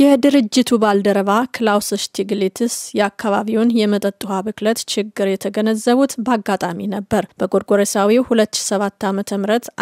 የድርጅቱ ባልደረባ ክላውስ ሽቲግሊትስ የአካባቢውን የመጠጥ ውሃ ብክለት ችግር የተገነዘቡት በአጋጣሚ ነበር። በጎርጎረሳዊው 2007 ዓ ም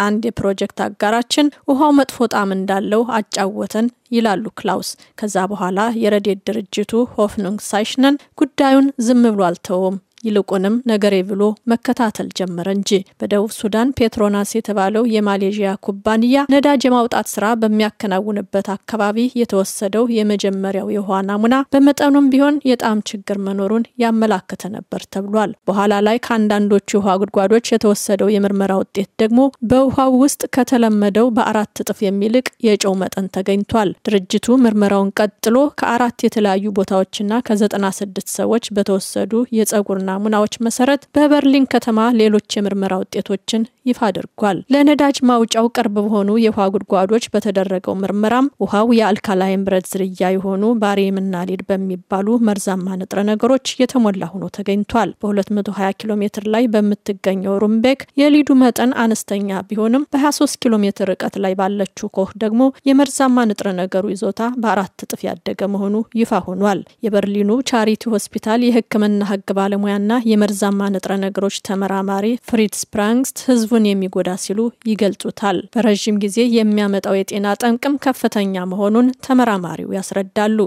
አንድ የፕሮጀክት አጋራችን ውሃው መጥፎ ጣዕም እንዳለው አጫወተን ይላሉ ክላውስ። ከዛ በኋላ የረዴት ድርጅቱ ሆፍኑንግ ሳይሽነን ጉዳዩን ዝም ብሎ አልተውም። ይልቁንም ነገሬ ብሎ መከታተል ጀመረ እንጂ። በደቡብ ሱዳን ፔትሮናስ የተባለው የማሌዥያ ኩባንያ ነዳጅ የማውጣት ስራ በሚያከናውንበት አካባቢ የተወሰደው የመጀመሪያው የውሃ ናሙና በመጠኑም ቢሆን የጣም ችግር መኖሩን ያመላከተ ነበር ተብሏል። በኋላ ላይ ከአንዳንዶቹ የውሃ ጉድጓዶች የተወሰደው የምርመራ ውጤት ደግሞ በውሃው ውስጥ ከተለመደው በአራት እጥፍ የሚልቅ የጨው መጠን ተገኝቷል። ድርጅቱ ምርመራውን ቀጥሎ ከአራት የተለያዩ ቦታዎችና ከዘጠና ስድስት ሰዎች በተወሰዱ የጸጉር ናሙናዎች መሰረት በበርሊን ከተማ ሌሎች የምርመራ ውጤቶችን ይፋ አድርጓል። ለነዳጅ ማውጫው ቅርብ በሆኑ የውሃ ጉድጓዶች በተደረገው ምርመራም ውሃው የአልካላይን ብረት ዝርያ የሆኑ ባሪየምና ሊድ በሚባሉ መርዛማ ንጥረ ነገሮች የተሞላ ሆኖ ተገኝቷል። በ220 ኪሎ ሜትር ላይ በምትገኘው ሩምቤክ የሊዱ መጠን አነስተኛ ቢሆንም በ23 ኪሎ ሜትር ርቀት ላይ ባለችው ኮህ ደግሞ የመርዛማ ንጥረ ነገሩ ይዞታ በአራት እጥፍ ያደገ መሆኑ ይፋ ሆኗል። የበርሊኑ ቻሪቲ ሆስፒታል የሕክምና ሕግ ባለሙያ ና የመርዛማ ንጥረ ነገሮች ተመራማሪ ፍሪድ ስፕራንግስት ህዝቡን የሚጎዳ ሲሉ ይገልጹታል። በረዥም ጊዜ የሚያመጣው የጤና ጠንቅም ከፍተኛ መሆኑን ተመራማሪው ያስረዳሉ።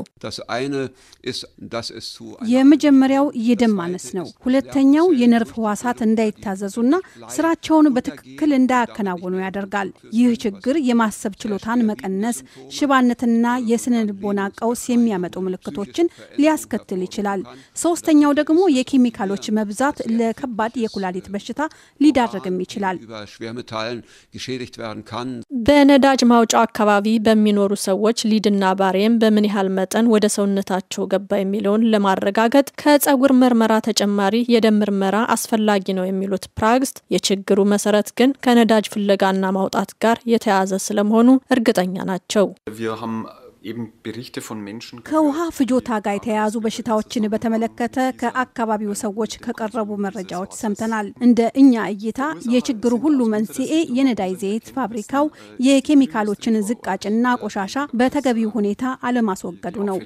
የመጀመሪያው የደም ማነስ ነው። ሁለተኛው የነርቭ ህዋሳት እንዳይታዘዙና ስራቸውን በትክክል እንዳያከናውኑ ያደርጋል። ይህ ችግር የማሰብ ችሎታን መቀነስ፣ ሽባነትና የስነ ልቦና ቀውስ የሚያመጡ ምልክቶችን ሊያስከትል ይችላል። ሶስተኛው ደግሞ የኬሚካ ኬሚካሎች መብዛት ለከባድ የኩላሊት በሽታ ሊዳረግም ይችላል። በነዳጅ ማውጫው አካባቢ በሚኖሩ ሰዎች ሊድና ባሬም በምን ያህል መጠን ወደ ሰውነታቸው ገባ የሚለውን ለማረጋገጥ ከጸጉር ምርመራ ተጨማሪ የደም ምርመራ አስፈላጊ ነው የሚሉት ፕራግስት፣ የችግሩ መሰረት ግን ከነዳጅ ፍለጋና ማውጣት ጋር የተያያዘ ስለመሆኑ እርግጠኛ ናቸው። ከውሃ ፍጆታ ጋር የተያያዙ በሽታዎችን በተመለከተ ከአካባቢው ሰዎች ከቀረቡ መረጃዎች ሰምተናል። እንደ እኛ እይታ የችግሩ ሁሉ መንስኤ የነዳይ ዘይት ፋብሪካው የኬሚካሎችን ዝቃጭና ቆሻሻ በተገቢው ሁኔታ አለማስወገዱ ነው።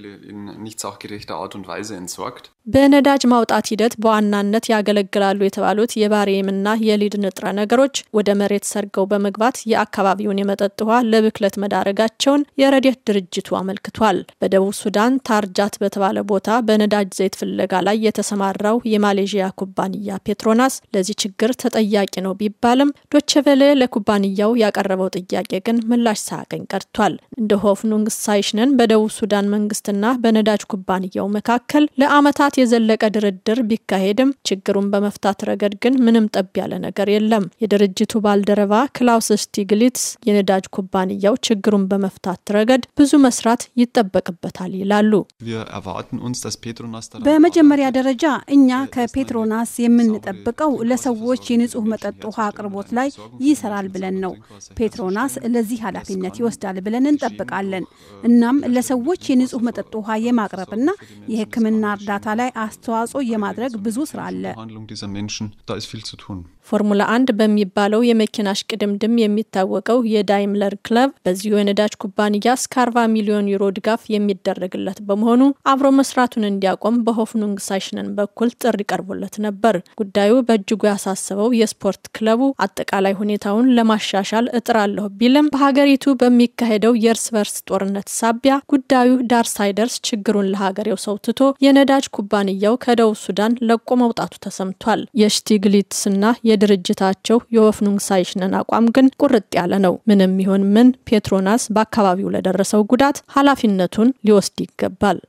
በነዳጅ ማውጣት ሂደት በዋናነት ያገለግላሉ የተባሉት የባሬምና የሊድ ንጥረ ነገሮች ወደ መሬት ሰርገው በመግባት የአካባቢውን የመጠጥ ውሃ ለብክለት መዳረጋቸውን የረዴት ድርጅቱ አመልክቷል። በደቡብ ሱዳን ታርጃት በተባለ ቦታ በነዳጅ ዘይት ፍለጋ ላይ የተሰማራው የማሌዥያ ኩባንያ ፔትሮናስ ለዚህ ችግር ተጠያቂ ነው ቢባልም ዶቸቬሌ ለኩባንያው ያቀረበው ጥያቄ ግን ምላሽ ሳያገኝ ቀርቷል። እንደ ሆፍኑንግ ሳይሽነን በደቡብ ሱዳን መንግስትና በነዳጅ ኩባንያው መካከል ለአመታት ዓመታት የዘለቀ ድርድር ቢካሄድም ችግሩን በመፍታት ረገድ ግን ምንም ጠብ ያለ ነገር የለም። የድርጅቱ ባልደረባ ክላውስ ስቲግሊትስ የነዳጅ ኩባንያው ችግሩን በመፍታት ረገድ ብዙ መስራት ይጠበቅበታል ይላሉ። በመጀመሪያ ደረጃ እኛ ከፔትሮናስ የምንጠብቀው ለሰዎች የንጹህ መጠጥ ውሃ አቅርቦት ላይ ይሰራል ብለን ነው። ፔትሮናስ ለዚህ ኃላፊነት ይወስዳል ብለን እንጠብቃለን። እናም ለሰዎች የንጹህ መጠጥ ውሃ የማቅረብና የሕክምና እርዳታ ላይ ላይ አስተዋጽኦ የማድረግ ብዙ ስራ አለ። ፎርሙላ አንድ በሚባለው የመኪና እሽቅድምድም የሚታወቀው የዳይምለር ክለብ በዚሁ የነዳጅ ኩባንያ እስከ 40 ሚሊዮን ዩሮ ድጋፍ የሚደረግለት በመሆኑ አብሮ መስራቱን እንዲያቆም በሆፍኑንግ ሳይሽነን በኩል ጥሪ ቀርቦለት ነበር። ጉዳዩ በእጅጉ ያሳሰበው የስፖርት ክለቡ አጠቃላይ ሁኔታውን ለማሻሻል እጥራለሁ ቢልም በሀገሪቱ በሚካሄደው የእርስ በርስ ጦርነት ሳቢያ ጉዳዩ ዳር ሳይደርስ ችግሩን ለሀገሬው ሰው ትቶ የነዳጅ ኩባ ኩባንያው ከደቡብ ሱዳን ለቆ መውጣቱ ተሰምቷል። የሽቲግሊትስና የድርጅታቸው የወፍኑን ሳይሽነን አቋም ግን ቁርጥ ያለ ነው። ምንም ይሁን ምን ፔትሮናስ በአካባቢው ለደረሰው ጉዳት ኃላፊነቱን ሊወስድ ይገባል።